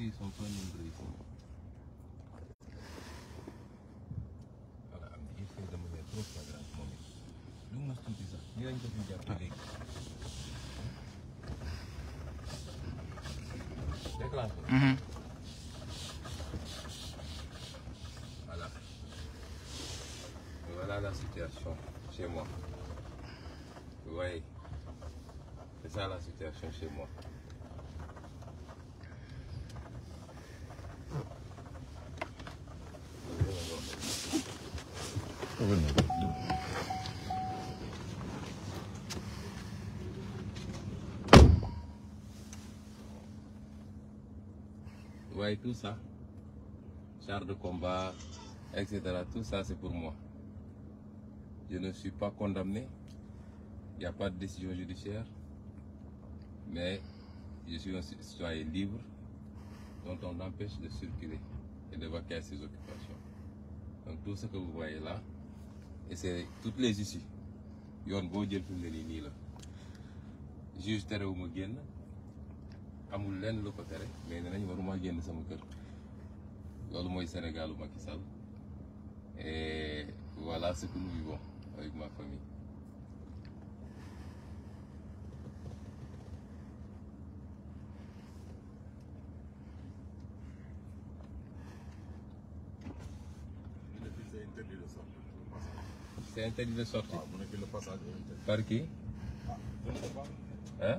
Три są pełnym bryjką. Ale ambitnie do mnie trudna gra w momencie. Lu nastąpi za. Ja nie dowiedziałem tej Jak lampy. Mhm. Voilà. Voilà la situation chez moi. Oui. C'est ça la situation chez moi. revenir. waaye tout ça char de combat et cetera tout c'est pour moi je ne suis pas condamné il a pas de décision judiciaire mais je suis un citoyen libre dont on empêche de circuler et de vaquer ses occupations donc tout ce que vous voyez là et c'est toutes les issues yoon boo jël fi mu ne nii nii la juge terewu ma génn amul lenn lu ko tere mais nee nañ waruma génn sama kër loolu mooy Sénégalu Macky Sall et voilà ce ma famille C'est interdit de sortir. Ah, vous le passage. Par qui ah. Hein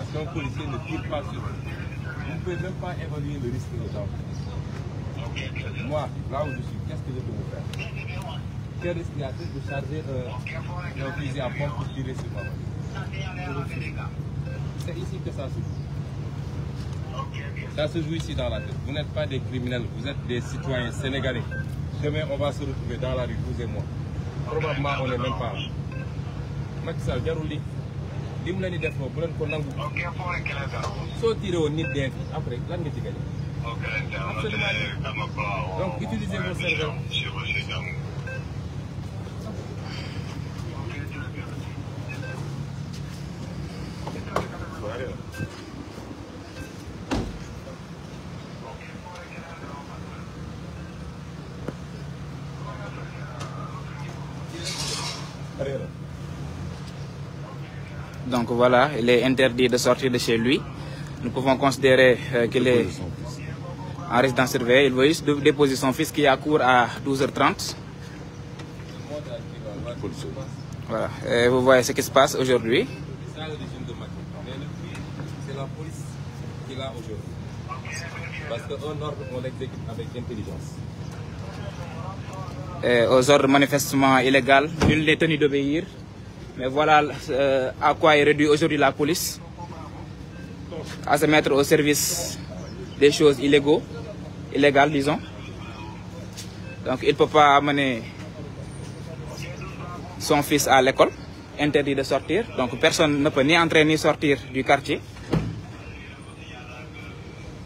Parce qu'un policier ne tire pas sur vous. Vous ne pouvez même pas le risque des gens. Moi, là où je suis, qu'est-ce que je peux vous faire Quel risque y a-t-il de charger euh, un fusil à pompe pour tirer C'est ici que ça se joue. Ça se joue ici dans la tête. Vous n'êtes pas des criminels, vous êtes des citoyens sénégalais. Demain, on va se retrouver dans la rue, vous et moi. Probablement, on n'est même pas là. Macky Sall jarul lii li mu leen di def foofu bu leen ko nangu. ok foo leen keneen dara soo tiré woon nit dee fi après lan nga ci gagné. ok donc utiliser vos cerveaux. Donc voilà, il est interdit de sortir de chez lui. Nous pouvons considérer euh, qu'il est en résidence surveillée. Il veut déposer son fils qui a cours à 12 h vous voyez ce qui se passe aujourd'hui. C'est la police Parce qu'un ordre, on l'exécute manifestement illégaux, nul n'est tenu d'obéir. Mais voilà euh, à quoi est réduit aujourd'hui la police, à se mettre au service des choses illégaux, illégales disons. Donc il ne peut pas amener son fils à l'école, interdit de sortir. Donc personne ne peut ni entrer ni sortir du quartier.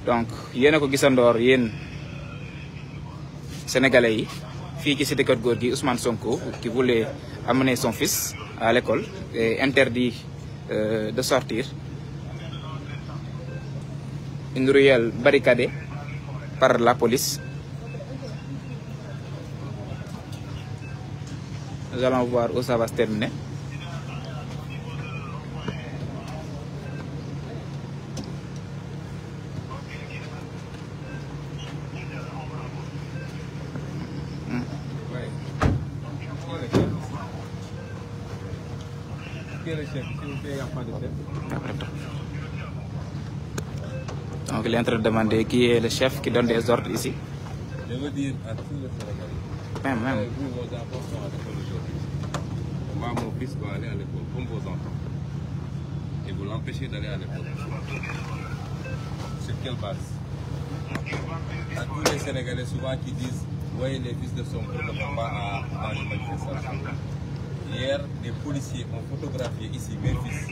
donc yéen a ko gisandoor yéen sénégalais yi fii ci cité Keur Gorgui Ousmane Sonko qui voulait amené son fils à l'école et interdit euh, de sortir. Une ruelle barricadée par la police. Nous allons voir où ça terminer. Donc il est en train de demander qui est le chef qui donne des ordres ici. Je veux dire à tous les Sénégalais. Même, même. Vous, vos enfants sont à l'école aujourd'hui. Moi, mon fils doit aller à l'école, comme vos enfants. Et vous l'empêchez d'aller à l'école. Sur quelle base À tous les Sénégalais souvent qui disent, oui, les fils de son ne vont pas à, à une manifestation. Hier, des policiers ont photographié ici mes fils.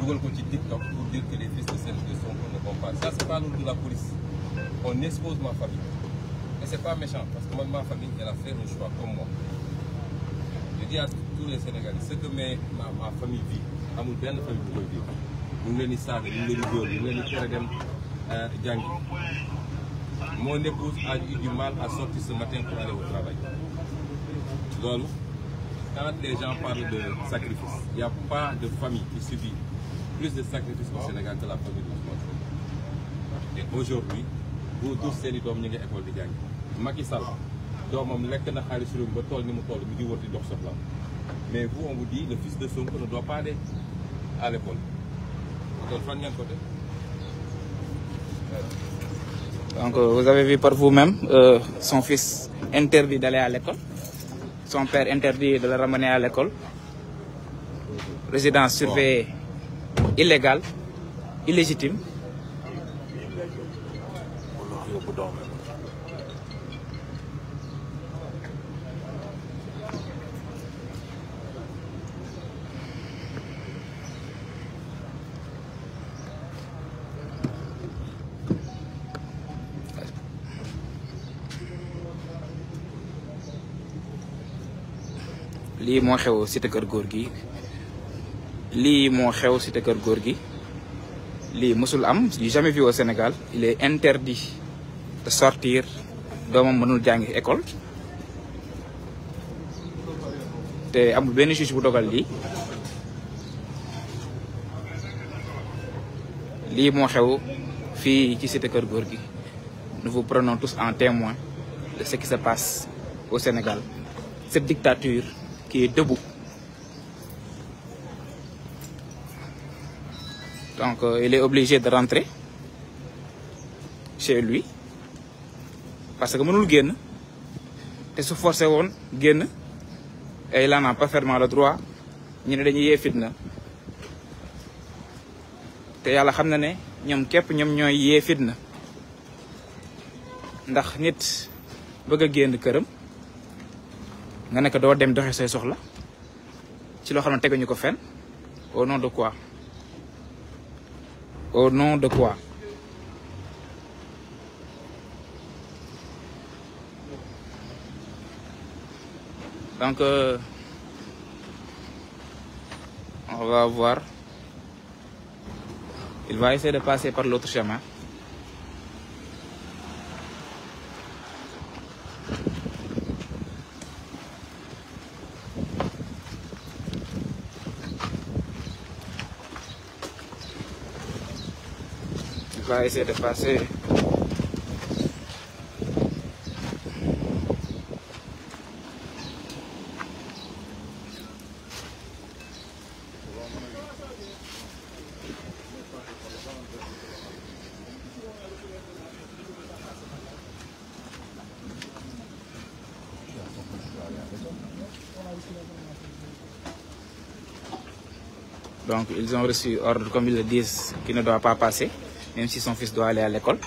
Google Kochi TikTok pour dire fils de Serge de Sonko ne vont pas. Ça, c'est pas de la police. On expose ma famille. Et c'est pas méchant, parce que ma famille, elle a fait le choix comme moi. Je dis tous les Sénégalais, ce que mes, ma, famille vit, amul benn famille bu koy vivre. ñu ngi leen di saaga ñu ngi leen di góor ñu ngi leen di tere dem euh, jàngi. a eu du travail. loolu. quand les gens parlent de sacrifice, il n'y a pas de famille qui subit plus de sacrifices au Sénégal que la famille de Ousmane Et aujourd'hui, vous tous seen i doom ñu ngi école lekk na xaalis réew mi ba tool ni mu toll mu ngi wër di dox soxlaam mais vous on vous dit le fils de Sonko ne doit pas aller à l'école donc euh, vous avez vu par vous-même euh, son fils interdit d'aller à l'école son père interdit de le ramener à l'école résidence surveillée illégale illégitime lii moo xew cité kër góor gi lii moo xew cité kër góor gi lii mësul am du jamais vu au Sénégal il est interdit de sortir doomam mënul jàngi école te amul benn juge bu dogal lii lii moo xew fii ci cité kër góor gi nous prenons tous en témoin de ce qui se passe au Sénégal cette dictature qui est Donc euh, il est obligé de rentrer chez lui parce que mënul génn te su forcé woon génn ay il en a parfaitement le droit ñu ne dañuy yee na te yàlla xam na ne ñoom képp ñoom ñooy yee na ndax nit bëgg a génn këram nga nekk doo dem doxe say soxla ci loo xam ne teguñu ko fen au nom de quoi au nom de quoi donc euh, on va voir il va essayer de passer par l'autre chemin va Donc ils ont reçu ordre, comme ils le disent, qui ne doit pas passer. même si son fils doit aller à l'école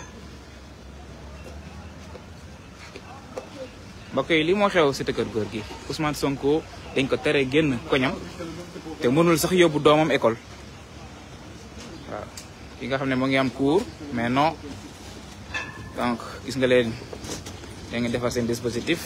mbokk yi li moo xew cité Keur Gorgui Ousmane Sonko dañ ko tere génn koñam te mënul sax yóbbu doomam école waaw ki nga xam ne mu ngi am cours mais non donc gis nga leen da ngeen defar seen dispositif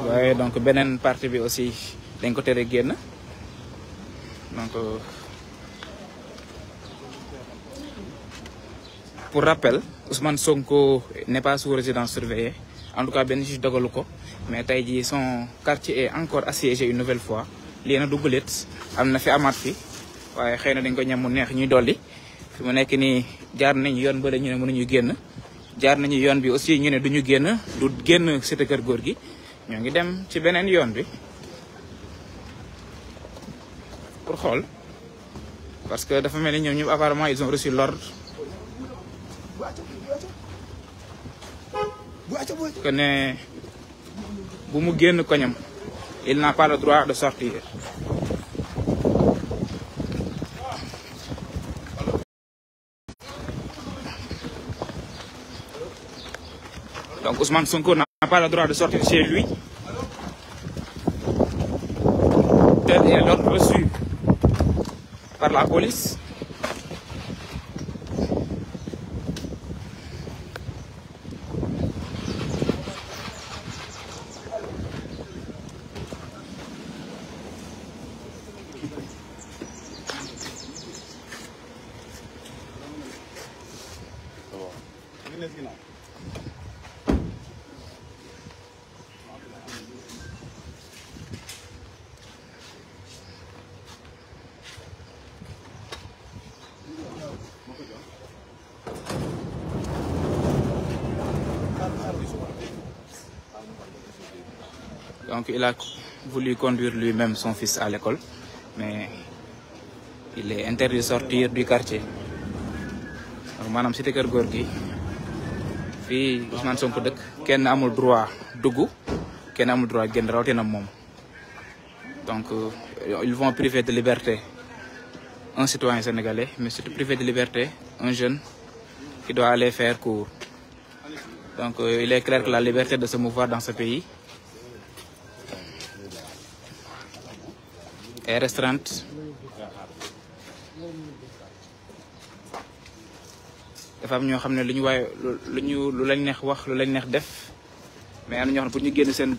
waaye donc beneen parti bi aussi dañ ko tere génn donc pour rappel Ousmane Sonko n'est pas sous résidence surveillée en tout cas benn juge dogalu ko mais tey jii son quartier est encore assiégé une nouvelle fois lii na duggalit am na fi amaat fi waaye xëy na dañ ko ñam mu neex ñuy dolli fi mu nekk nii jaar nañ yoon bële ñu ne mënuñu génn jaar nañu yoon bi aussi ñu ne duñu génn du génn cité kër góor gi ñoo ngi dem ci beneen yoon bi pour xool parce que dafa mel ni ñoom ñëpp apparemment ils ont reçu l'ordre que bu mu génn koñam il n'a pas le droit de sortir chez lui tel est l'ordre reçu par la police Donc il a voulu conduire lui-même son fils à l'école. mais il est interdit de sortir du quartier donc maanaam cité kër góor gi fii Ousmane Sonko dëkk kenn amul droit dugg kenn amul droit génn rawatina moom donc euh, ils vont priver de liberté un citoyen sénégalais mais surtout priver de liberté un jeune qui doit aller faire cours donc euh, il est clair que la liberté de se mouvoir dans ce pays restaurant dafa ñoo xam ne lu ñu waaye lu lañ neex wax lu lañ neex def mais am ñoo xam ne pour ñu génn seen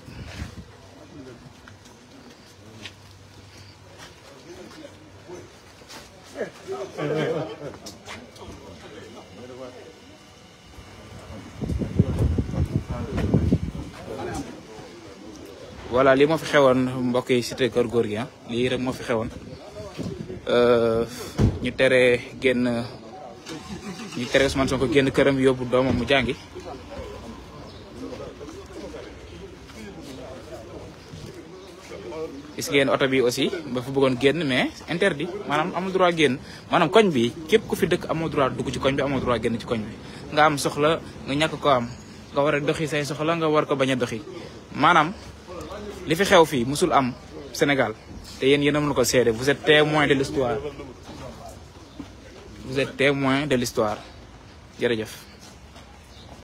voilà li moo fi xewoon mbokk yi cité kër góor gi ah rek moo fi xewoon euh, ñu tere génn ñu tere Ousmane Sonko génn këram yóbbu doomam mu jàngi gis ngeen oto bi aussi ba fa bëggoon génn mais interdit maanaam amul droit génn maanaam koñ bi képp ku fi dëkk amoo droit dugg ci koñ bi amoo droit génn ci koñ bi nga am soxla nga ñàkk ko am nga war a doxi say soxla nga war ko bañ a doxi maanaam li fi xew fii musul am Sénégal te yéen yéen a mën ko seede vous êtes témoin de l'histoire vous êtes témoin de l'histoire jërëjëf